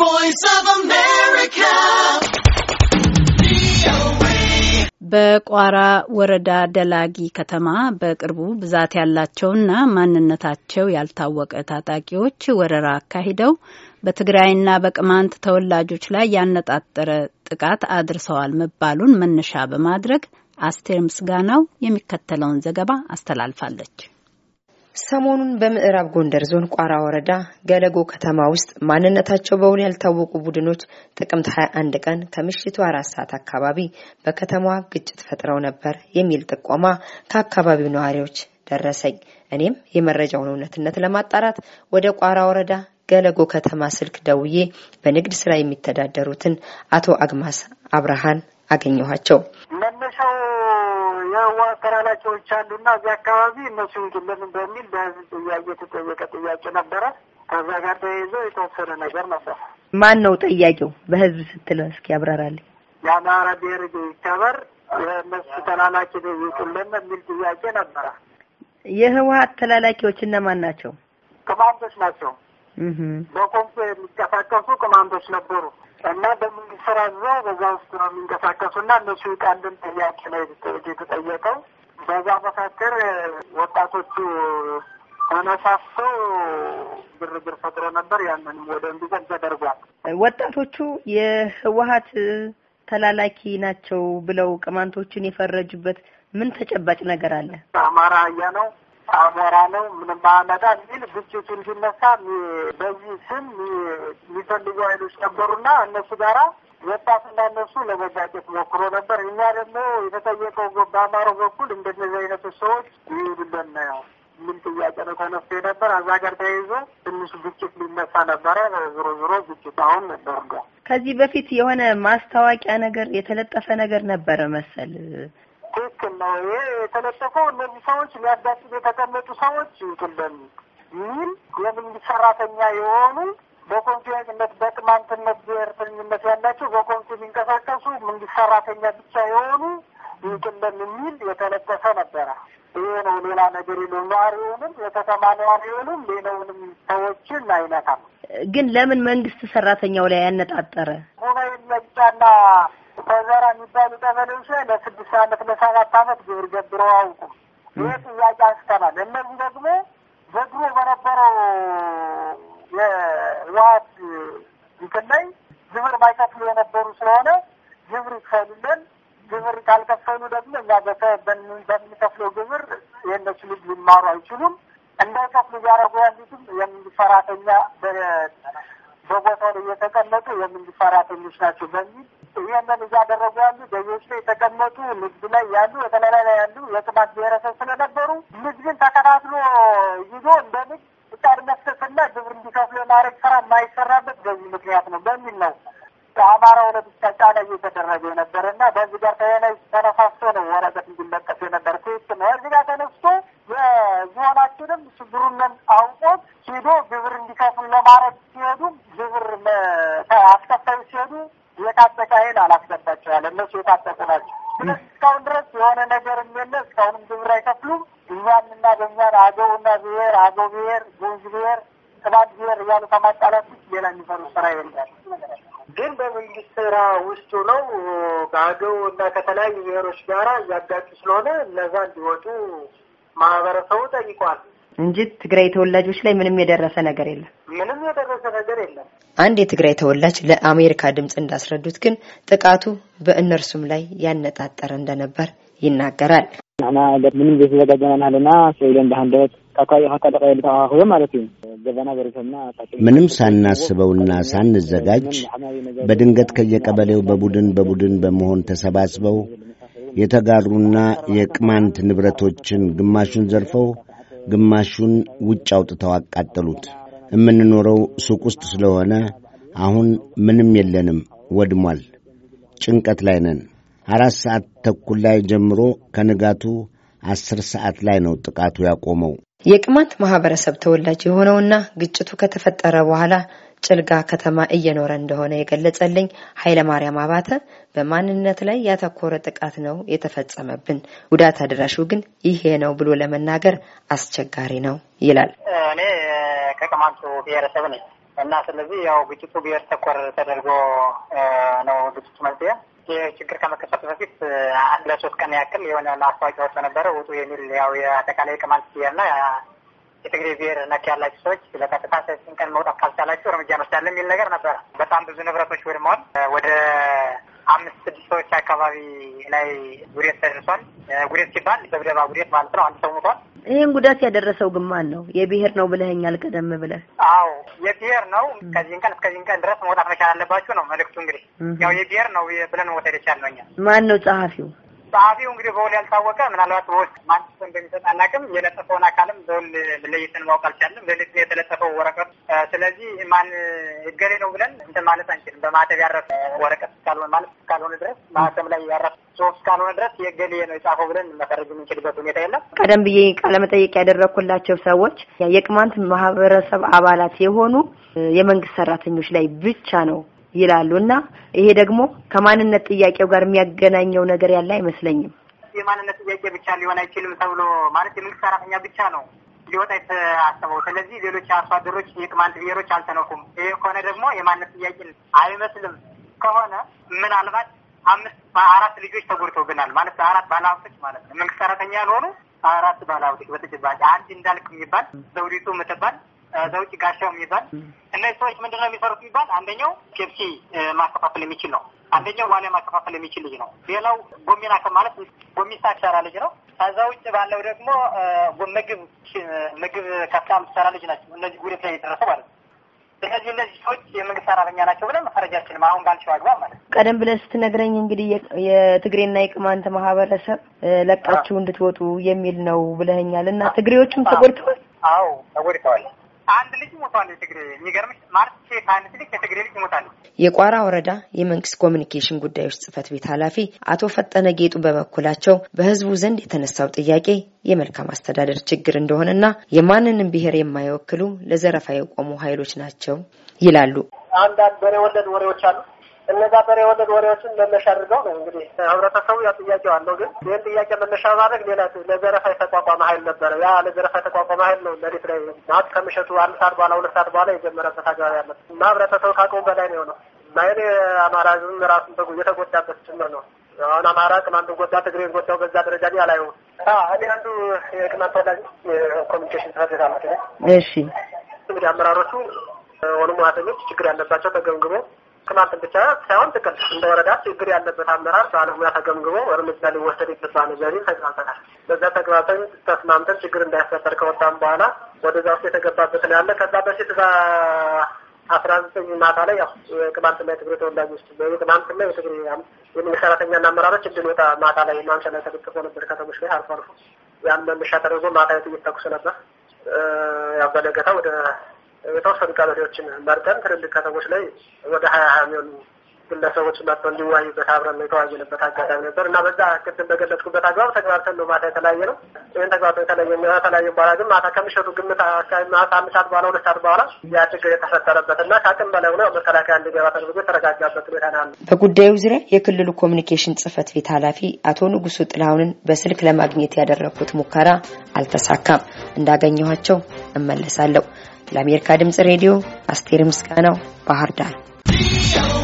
voice of America. በቋራ ወረዳ ደላጊ ከተማ በቅርቡ ብዛት ያላቸውና ማንነታቸው ያልታወቀ ታጣቂዎች ወረራ አካሂደው በትግራይና በቅማንት ተወላጆች ላይ ያነጣጠረ ጥቃት አድርሰዋል መባሉን መነሻ በማድረግ አስቴር ምስጋናው የሚከተለውን ዘገባ አስተላልፋለች። ሰሞኑን በምዕራብ ጎንደር ዞን ቋራ ወረዳ ገለጎ ከተማ ውስጥ ማንነታቸው በውል ያልታወቁ ቡድኖች ጥቅምት 21 ቀን ከምሽቱ አራት ሰዓት አካባቢ በከተማዋ ግጭት ፈጥረው ነበር የሚል ጥቆማ ከአካባቢው ነዋሪዎች ደረሰኝ። እኔም የመረጃውን እውነትነት ለማጣራት ወደ ቋራ ወረዳ ገለጎ ከተማ ስልክ ደውዬ በንግድ ስራ የሚተዳደሩትን አቶ አግማስ አብርሃን አገኘኋቸው። መነሻው የህዋ ተላላኪዎች አሉና እዚህ አካባቢ እነሱ ለምን በሚል በህዝብ ጥያቄ የተጠየቀ ጥያቄ ነበረ። ከዛ ጋር ተያይዞ የተወሰነ ነገር ነበር። ማን ነው ጠያቂው? በህዝብ ስትል እስኪ ያብራራልኝ። የአማራ ብሔር ይከበር፣ የእነሱ ተላላኪ ይቁለን የሚል ጥያቄ ነበረ። የህወሀት ተላላኪዎች እነማን ናቸው? ቅማንቶች ናቸው። በኮንሶ የሚንቀሳቀሱ ቅማንቶች ነበሩ። እና በመንግስት ስራ በዛ ውስጥ ነው የሚንቀሳቀሱ እና እነሱ ቃልን ጥያቄ ላይ የተጠየቀው በዛ መካከል ወጣቶቹ ተነሳስተው ግርግር ፈጥሮ ነበር። ያንንም ወደ እንዲዘግ ተደርጓል። ወጣቶቹ የህወሀት ተላላኪ ናቸው ብለው ቅማንቶችን የፈረጁበት ምን ተጨባጭ ነገር አለ? አማራ አያ ነው አሞራ ነው ምንም አመጣ የሚል ግጭቱ እንዲነሳ በዚህ ስም የሚፈልጉ ኃይሎች ነበሩና እነሱ ጋራ ወጣት እንዳነሱ ለመጋጨት ሞክሮ ነበር። እኛ ደግሞ የተጠየቀው በአማሮ በኩል እንደነዚህ አይነቶች ሰዎች ይሄዱልን ነው ምን ጥያቄ ነው ተነስቶ ነበር። አዛ ጋር ተያይዞ ትንሽ ግጭት ሊነሳ ነበረ። ዞሮ ዞሮ ግጭት አሁን ነበር ከዚህ በፊት የሆነ ማስታወቂያ ነገር የተለጠፈ ነገር ነበረ መሰል ትክክል ነው። ይሄ የተለጠፈው እነዚህ ሰዎች ሊያዳጭብ የተቀመጡ ሰዎች ይትለን ይህም የመንግስት ሰራተኛ የሆኑ በኮንፊደንስነት በቅማንትነት ብሔርተኝነት ያላቸው በኮንፊ የሚንቀሳቀሱ መንግስት ሰራተኛ ብቻ የሆኑ ይውጥልን የሚል የተለጠፈ ነበረ። ይሄ ነው፣ ሌላ ነገር የለውም። ነዋሪውንም የከተማ ነዋሪውንም ሌላውንም ሰዎችን አይነካም። ግን ለምን መንግስት ሰራተኛው ላይ ያነጣጠረ ሞባይል መጫና ተዘራ የሚባሉ ቀበሌዎች ላይ ለስድስት አመት ለሰባት አመት ግብር ገብረው አያውቁም። ይህ ጥያቄ አንስተናል። እነዚህ ደግሞ በድሮ በነበረው የህወሓት እንትን ላይ ግብር ማይከፍሉ የነበሩ ስለሆነ ግብር ይክፈሉልን፣ ግብር ካልከፈሉ ደግሞ እኛ በምንከፍለው ግብር የእነሱ ልጅ ሊማሩ አይችሉም። እንዳይከፍሉ እያደረጉ ያሉትም የመንግስት በቦታው ላይ የተቀመጡ የመንግስት ሰራተኞች ናቸው በሚል ይህንን እያደረጉ ያሉ ላይ የተቀመጡ ንግድ ላይ ያሉ የተለላይ ላይ ያሉ የቅማንት ብሔረሰብ ስለነበሩ ንግድን ተከታትሎ ይዞ እንደ ንግድ ፍቃድ መስጠትና ግብር እንዲከፍሉ የማድረግ ስራ የማይሰራበት በዚህ ምክንያት ነው በሚል ነው አማራው ለብቻ ጫና እየተደረገ የነበረ እና በዚህ ጋር ተያይዞ የታጠቁ ናቸው። ስለዚህ እስካሁን ድረስ የሆነ ነገር የለ። እስካሁንም ግብር አይከፍሉም። እኛን እና በእኛን አገውና ብሔር አገው ብሔር፣ ጉንዝ ብሔር፣ ቅማንት ብሔር እያሉ ከማጣላት ውስጥ ሌላ የሚሰሩ ስራ ይላል። ግን በመንግስት ስራ ውስጡ ነው በአገው እና ከተለያዩ ብሔሮች ጋራ እያጋጩ ስለሆነ እነዛ እንዲወጡ ማህበረሰቡ ጠይቋል። እንጂ ትግራይ ተወላጆች ላይ ምንም የደረሰ ነገር የለም። ምንም የደረሰ ነገር የለም። አንድ የትግራይ ተወላጅ ለአሜሪካ ድምፅ እንዳስረዱት ግን ጥቃቱ በእነርሱም ላይ ያነጣጠረ እንደነበር ይናገራል። ምንም ዘይተዘጋጀና ናለና ስኢለን ባህንደበት ምንም ሳናስበውና ሳንዘጋጅ በድንገት ከየቀበሌው በቡድን በቡድን በመሆን ተሰባስበው የተጋሩና የቅማንት ንብረቶችን ግማሹን ዘርፈው ግማሹን ውጭ አውጥተው አቃጠሉት። የምንኖረው ሱቅ ውስጥ ስለሆነ አሁን ምንም የለንም፣ ወድሟል። ጭንቀት ላይ ነን። አራት ሰዓት ተኩል ላይ ጀምሮ ከንጋቱ አስር ሰዓት ላይ ነው ጥቃቱ ያቆመው። የቅማንት ማህበረሰብ ተወላጅ የሆነውና ግጭቱ ከተፈጠረ በኋላ ጭልጋ ከተማ እየኖረ እንደሆነ የገለጸልኝ ኃይለ ማርያም አባተ በማንነት ላይ ያተኮረ ጥቃት ነው የተፈጸመብን፣ ጉዳት አድራሹ ግን ይሄ ነው ብሎ ለመናገር አስቸጋሪ ነው ይላል። እኔ ከቅማንቱ ብሔረሰብ ነኝ እና ስለዚህ ያው ግጭቱ ብሔር ተኮር ተደርጎ ነው ግጭቱ መፍትሄ የችግር ችግር ከመከሰቱ በፊት ለሶስት ቀን ያክል የሆነ ማስታወቂያ ወጥቶ ነበረ። ውጡ የሚል ያው የአጠቃላይ ቅማንት ና የትግሬ ብሔር ነክ ያላቸው ሰዎች ለቀጥታ ሰችን ቀን መውጣት ካልቻላቸው እርምጃ እንወስዳለን የሚል ነገር ነበረ። በጣም ብዙ ንብረቶች ወድመዋል። ወደ አምስት ስድስት ሰዎች አካባቢ ላይ ጉዴት ተደርሷል። ጉዴት ሲባል በብደባ ጉዴት ማለት ነው። አንድ ሰው ሙቷል። ይህን ጉዳት ያደረሰው ግማን ነው? የብሔር ነው ብለህኛል ቀደም ብለህ። አዎ የብሄር ነው። ከዚህን ቀን እስከዚህን ቀን ድረስ መውጣት መቻል አለባችሁ ነው መልእክቱ። እንግዲህ ያው የብሄር ነው ብለን መውሰድ ይቻል ነው። እኛ ማን ነው ጸሐፊው? ጸሐፊው እንግዲህ በውል ያልታወቀ ምናልባት በውል ማንስ እንደሚሰጥ አናውቅም። የለጠፈውን አካልም በውል ለይተን ማወቅ አልቻለም። ሌሊት የተለጠፈው ወረቀት ስለዚህ ማን እገሌ ነው ብለን እንትን ማለት አንችልም። በማተብ ያረፈ ወረቀት እስካልሆነ ማለት እስካልሆነ ድረስ ማተም ላይ ያረፈ ጽሑፍ እስካልሆነ ድረስ የገሌ ነው የጻፈው ብለን መፈረጅ የምንችልበት ሁኔታ የለም። ቀደም ብዬ ቃለመጠየቅ ያደረግኩላቸው ሰዎች የቅማንት ማህበረሰብ አባላት የሆኑ የመንግስት ሰራተኞች ላይ ብቻ ነው ይላሉና ይሄ ደግሞ ከማንነት ጥያቄው ጋር የሚያገናኘው ነገር ያለ አይመስለኝም። የማንነት ጥያቄ ብቻ ሊሆን አይችልም ተብሎ ማለት የመንግስት ሰራተኛ ብቻ ነው ሊወጣ የተአሰበው። ስለዚህ ሌሎች አርሶ አደሮች፣ የቅማንት ብሔሮች አልተነኩም። ይሄ ከሆነ ደግሞ የማንነት ጥያቄ አይመስልም። ከሆነ ምናልባት አምስት አራት ልጆች ተጎድተውብናል ማለት በአራት ባለሀብቶች ማለት ነው። መንግስት ሰራተኛ ያልሆኑ አራት ባለሀብቶች በተጨባጭ አንድ እንዳልክ የሚባል ዘውዲቱ የምትባል ዘውጭ ጋሻው የሚባል እነዚህ ሰዎች ምንድነው የሚሰሩት የሚባል አንደኛው ፔፕሲ ማከፋፈል የሚችል ነው። አንደኛው ዋሊያ ማከፋፈል የሚችል ልጅ ነው። ሌላው ጎሚና ማለት ጎሚሳ ትሰራ ልጅ ነው። ከዛ ውጭ ባለው ደግሞ ምግብ ምግብ ከፍታ ምትሰራ ልጅ ናቸው። እነዚህ ጉዴት ላይ የደረሰ ማለት ነው። ስለዚህ እነዚህ ሰዎች የመንግስት ሰራተኛ ናቸው ብለን መፈረጃችንም አሁን ባልቸው አግባብ ማለት ነው። ቀደም ብለህ ስትነግረኝ እንግዲህ የትግሬና የቅማንት ማህበረሰብ ለቃችሁ እንድትወጡ የሚል ነው ብለኸኛል እና ትግሬዎቹም ተጎድተዋል። አዎ ተጎድተዋል። አንድ ልጅ ሞቷል። የትግሬ የሚገርምሽ ማርች ከአንድ ልጅ የትግሬ ልጅ ሞቷል። የቋራ ወረዳ የመንግስት ኮሚኒኬሽን ጉዳዮች ጽህፈት ቤት ኃላፊ አቶ ፈጠነ ጌጡ በበኩላቸው በህዝቡ ዘንድ የተነሳው ጥያቄ የመልካም አስተዳደር ችግር እንደሆነና የማንንም ብሔር የማይወክሉ ለዘረፋ የቆሙ ኃይሎች ናቸው ይላሉ። አንዳንድ በሬ ወለድ ወሬዎች አሉ እነዛ በሬ ወለድ ወሬዎችን መነሻ አድርገው ነው እንግዲህ ህብረተሰቡ ያ ጥያቄው አለው። ግን ይህን ጥያቄ መነሻ ማድረግ ሌላ ለዘረፋ የተቋቋመ ሀይል ነበረ። ያ ለዘረፋ የተቋቋመ ሀይል ነው ሌሊት ላይ ማለት ከምሸቱ አንድ ሰዓት በኋላ ሁለት ሰዓት በኋላ የጀመረበት አግባብ ያለ እና ህብረተሰቡ ካቅሙ በላይ ነው የሆነው እና አማራ ህዝብም ራሱን በጉ የተጎዳበት ጭምር ነው። አሁን አማራ ቅማንቱን ጎዳ፣ ትግሬን ጎዳው። በዛ ደረጃ ላይ አላየው። እኔ አንዱ የቅማንት ተወላጅ የኮሚኒኬሽን ጽሕፈት ቤት አመት እሺ እንግዲህ አመራሮቹ ሆኑ ዋተኞች ችግር ያለባቸው ተገምግሞ ቅማንት ብቻ ሳይሆን ጥቅል እንደ ወረዳ ችግር ያለበት አመራር ባለሙያ ተገምግቦ እርምጃ ሊወሰድ ይገባ ነው በሚል ተግባብተናል። በዛ ተግባብተን ተስማምተን ችግር እንዳይፈጠር ከወጣም በኋላ ወደዛ ውስጥ የተገባበት ነው ያለ። ከዛ በፊት እዛ አስራ ዘጠኝ ማታ ላይ ያው የቅማንትና የትግሬ ተወላጆች የቅማንትና የትግሬ የመንግስት ሰራተኛና አመራሮች እንድንወጣ ማታ ላይ ማምሻ ላይ ተገጥፎ ነበር። ከተሞች ላይ አልፎ አልፎ ያም መሻ ተደርጎ ማታ የጥይት ተኩስ ነበር። ያው በነገታ ወደ የተወሰኑ ቀበሌዎችን መርጠን ትልልቅ ከተሞች ላይ ወደ ሀያ ሀያ የሚሆኑ ግለሰቦች መጥቶ እንዲወያዩበት አብረን ነው የተዋየንበት አጋጣሚ ነበር እና በዛ ቅድም በገለጽኩበት አግባብ ተግባርተን ነው ማታ የተለያየ ነው። ይህን ተግባር የተለየ ተለያየ በኋላ ግን ማታ ከምሸቱ ግምት ማታ ሰዓት በኋላ ሁለት ሰዓት በኋላ ያ ችግር የተፈጠረበት እና ከአቅም በላይ ሆነ መከላከያ እንዲገባ ተደርጎ የተረጋጋበት ሁኔታ ነው። በጉዳዩ ዙሪያ የክልሉ ኮሚኒኬሽን ጽህፈት ቤት ኃላፊ አቶ ንጉሱ ጥላሁንን በስልክ ለማግኘት ያደረግኩት ሙከራ አልተሳካም። እንዳገኘኋቸው እመለሳለሁ። ለአሜሪካ ድምጽ ሬዲዮ አስቴር ምስጋናው ባህር ዳር